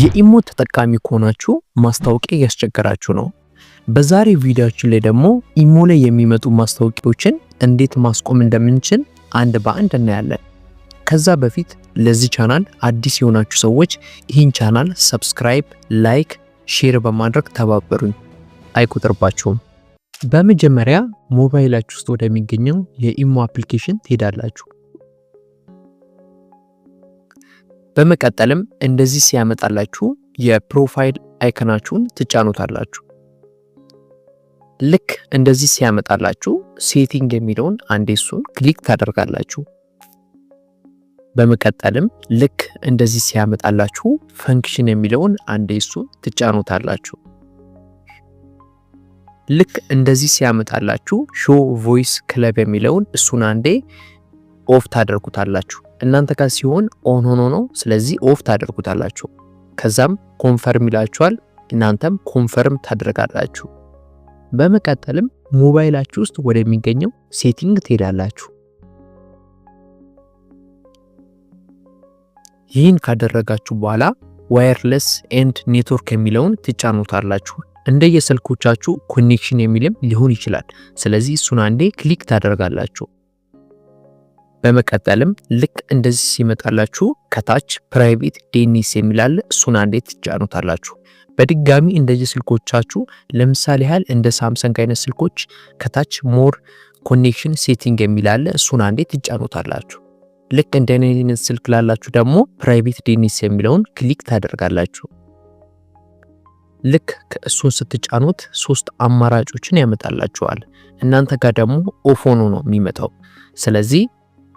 የኢሞ ተጠቃሚ ከሆናችሁ ማስታወቂያ እያስቸገራችሁ ነው። በዛሬ ቪዲዮችን ላይ ደግሞ ኢሞ ላይ የሚመጡ ማስታወቂያዎችን እንዴት ማስቆም እንደምንችል አንድ በአንድ እናያለን። ከዛ በፊት ለዚህ ቻናል አዲስ የሆናችሁ ሰዎች ይህን ቻናል ሰብስክራይብ፣ ላይክ፣ ሼር በማድረግ ተባበሩኝ። አይቆጥርባችሁም። በመጀመሪያ ሞባይላችሁ ውስጥ ወደሚገኘው የኢሞ አፕሊኬሽን ትሄዳላችሁ። በመቀጠልም እንደዚህ ሲያመጣላችሁ የፕሮፋይል አይከናችሁን ትጫኑታላችሁ። ልክ እንደዚህ ሲያመጣላችሁ ሴቲንግ የሚለውን አንዴ እሱን ክሊክ ታደርጋላችሁ። በመቀጠልም ልክ እንደዚህ ሲያመጣላችሁ ፈንክሽን የሚለውን አንዴ እሱን ትጫኑታላችሁ። ልክ እንደዚህ ሲያመጣላችሁ ሾ ቮይስ ክለብ የሚለውን እሱን አንዴ ኦፍ ታደርጉታላችሁ። እናንተ ጋር ሲሆን ኦን ሆኖ ነው። ስለዚህ ኦፍ ታደርጉታላችሁ። ከዛም ኮንፈርም ይላችኋል። እናንተም ኮንፈርም ታደርጋላችሁ። በመቀጠልም ሞባይላችሁ ውስጥ ወደሚገኘው ሴቲንግ ትሄዳላችሁ። ይህን ካደረጋችሁ በኋላ ዋየርለስ ኤንድ ኔትወርክ የሚለውን ትጫኑታላችሁ። እንደ የስልኮቻችሁ ኮኔክሽን የሚልም ሊሆን ይችላል። ስለዚህ እሱን አንዴ ክሊክ ታደርጋላችሁ። በመቀጠልም ልክ እንደዚህ ሲመጣላችሁ ከታች ፕራይቬት ዴኒስ የሚላል እሱን አንዴት ትጫኑታላችሁ። በድጋሚ እንደዚህ ስልኮቻችሁ ለምሳሌ ያህል እንደ ሳምሰንግ አይነት ስልኮች ከታች ሞር ኮኔክሽን ሴቲንግ የሚላለ እሱን አንዴት ትጫኑታላችሁ። ልክ እንደ አይነት ስልክ ላላችሁ ደግሞ ፕራይቬት ዴኒስ የሚለውን ክሊክ ታደርጋላችሁ። ልክ እሱን ስትጫኑት ሶስት አማራጮችን ያመጣላችኋል። እናንተ ጋር ደግሞ ኦፎኑ ነው የሚመጣው። ስለዚህ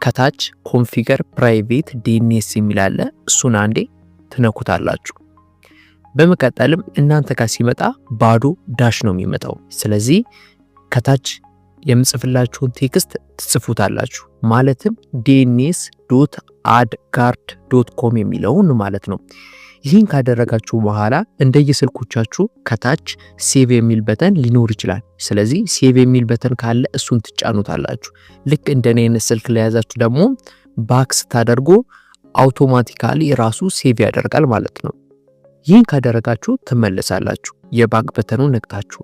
ከታች ኮንፊገር ፕራይቬት ዲኤንኤስ የሚል አለ እሱን አንዴ ትነኩታላችሁ። በመቀጠልም እናንተ ጋር ሲመጣ ባዶ ዳሽ ነው የሚመጣው። ስለዚህ ከታች የምጽፍላችሁን ቴክስት ትጽፉታላችሁ። ማለትም ዲኤንኤስ ዶት አድ ጋርድ ዶት ኮም የሚለውን ማለት ነው። ይህን ካደረጋችሁ በኋላ እንደየስልኮቻችሁ ከታች ሴቭ የሚል በተን ሊኖር ይችላል። ስለዚህ ሴቭ የሚል በተን ካለ እሱን ትጫኑታላችሁ። ልክ እንደኔ አይነት ስልክ ለያዛችሁ ደግሞ ባክስ ታደርጎ አውቶማቲካሊ ራሱ ሴቭ ያደርጋል ማለት ነው። ይህን ካደረጋችሁ ትመለሳላችሁ የባንክ በተኑ ነግታችሁ።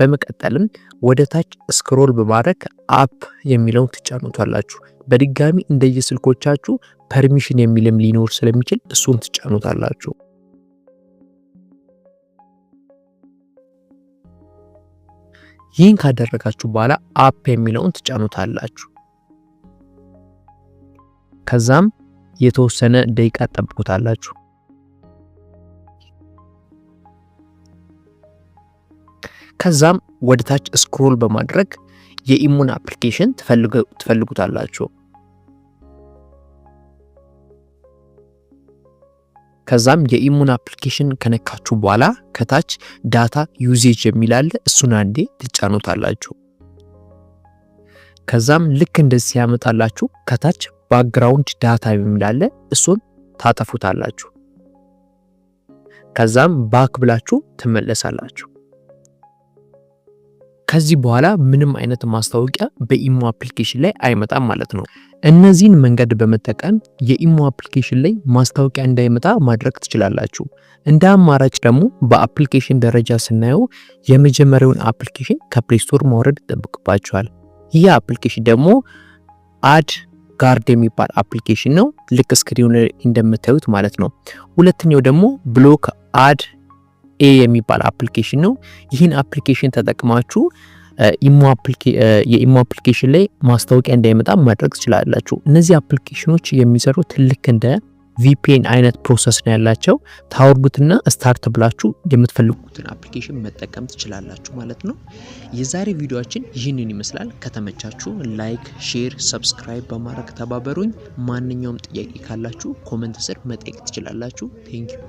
በመቀጠልም ወደ ታች ስክሮል በማድረግ አፕ የሚለውን ትጫኑታላችሁ። በድጋሚ እንደየስልኮቻችሁ ፐርሚሽን የሚልም ሊኖር ስለሚችል እሱን ትጫኑታላችሁ። ይህን ካደረጋችሁ በኋላ አፕ የሚለውን ትጫኑታላችሁ። ከዛም የተወሰነ ደቂቃ ጠብቁታላችሁ። ከዛም ወደታች ስክሮል በማድረግ የኢሙን አፕሊኬሽን ትፈልጉታላችሁ። ከዛም የኢሙን አፕሊኬሽን ከነካችሁ በኋላ ከታች ዳታ ዩዜጅ የሚላለ እሱን አንዴ ትጫኑታላችሁ። ከዛም ልክ እንደዚህ ሲያመጣላችሁ ከታች ባክግራውንድ ዳታ የሚላለ እሱን ታጠፉታላችሁ። ከዛም ባክ ብላችሁ ትመለሳላችሁ። ከዚህ በኋላ ምንም አይነት ማስታወቂያ በኢሞ አፕሊኬሽን ላይ አይመጣም ማለት ነው። እነዚህን መንገድ በመጠቀም የኢሞ አፕሊኬሽን ላይ ማስታወቂያ እንዳይመጣ ማድረግ ትችላላችሁ። እንደ አማራጭ ደግሞ በአፕሊኬሽን ደረጃ ስናየው የመጀመሪያውን አፕሊኬሽን ከፕሌስቶር ማውረድ ይጠብቅባችኋል። ይህ አፕሊኬሽን ደግሞ አድ ጋርድ የሚባል አፕሊኬሽን ነው። ልክ ስክሪኑ እንደምታዩት ማለት ነው። ሁለተኛው ደግሞ ብሎክ አድ ኤ የሚባል አፕሊኬሽን ነው። ይህን አፕሊኬሽን ተጠቅማችሁ የኢሞ አፕሊኬሽን ላይ ማስታወቂያ እንዳይመጣ ማድረግ ትችላላችሁ። እነዚህ አፕሊኬሽኖች የሚሰሩት ልክ እንደ ቪፒኤን አይነት ፕሮሰስ ነው ያላቸው። ታወርዱትና ስታርት ብላችሁ የምትፈልጉትን አፕሊኬሽን መጠቀም ትችላላችሁ ማለት ነው። የዛሬ ቪዲዮችን ይህንን ይመስላል። ከተመቻችሁ ላይክ፣ ሼር፣ ሰብስክራይብ በማድረግ ተባበሩኝ። ማንኛውም ጥያቄ ካላችሁ ኮመንት ስር መጠየቅ ትችላላችሁ። ቴንኪዩ